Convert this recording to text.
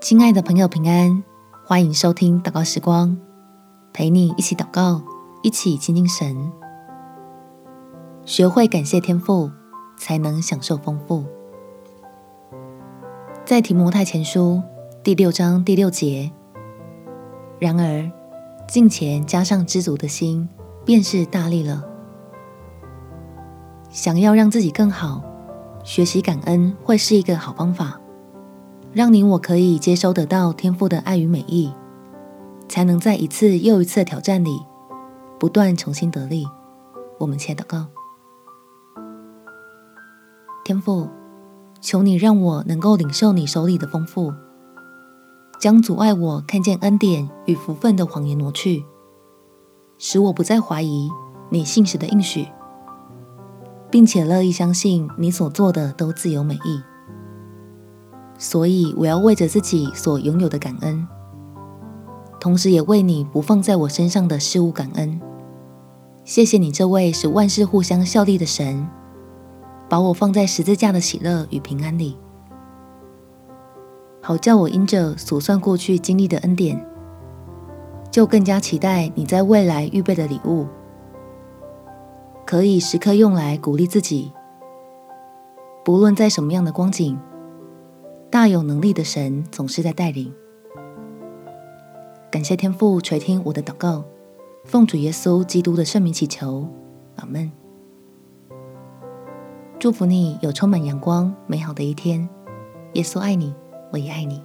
親愛的朋友，平安，歡迎收聽禱告時光，陪你一起禱告，一起親近神。學會感謝天父，才能享受豐富。在《提摩太前書》第六章第六節，然而敬虔加上知足的心，便是大利了。想要讓自己更好，學習感恩會是一個好方法。讓你我可以接收得到天父的愛與美意，才能在一次又一次的挑戰裡，不斷重新得力。我們切禱告，天父，求你讓我能夠領受你手裡的豐富，將阻礙我看見恩典與福分的謊言挪去，使我不再懷疑你信實的應許，並且樂意相信你所做的都自有美意。所以，我要為着自己所擁有的感恩，同時也為你不放在我身上的事物感恩。謝謝你，這位使萬事互相效力的神，把我放在十字架的喜樂與平安裡，好叫我因着所算過去經歷的恩典，就更加期待你在未來預備的禮物，可以時刻用來鼓勵自己，不論在什麼樣的光景。大有能力的神總是在帶領。感謝天父垂聽我的禱告，奉主耶穌基督的聖名祈求，阿門。祝福你有充滿陽光美好的一天。耶穌愛你，我也愛你。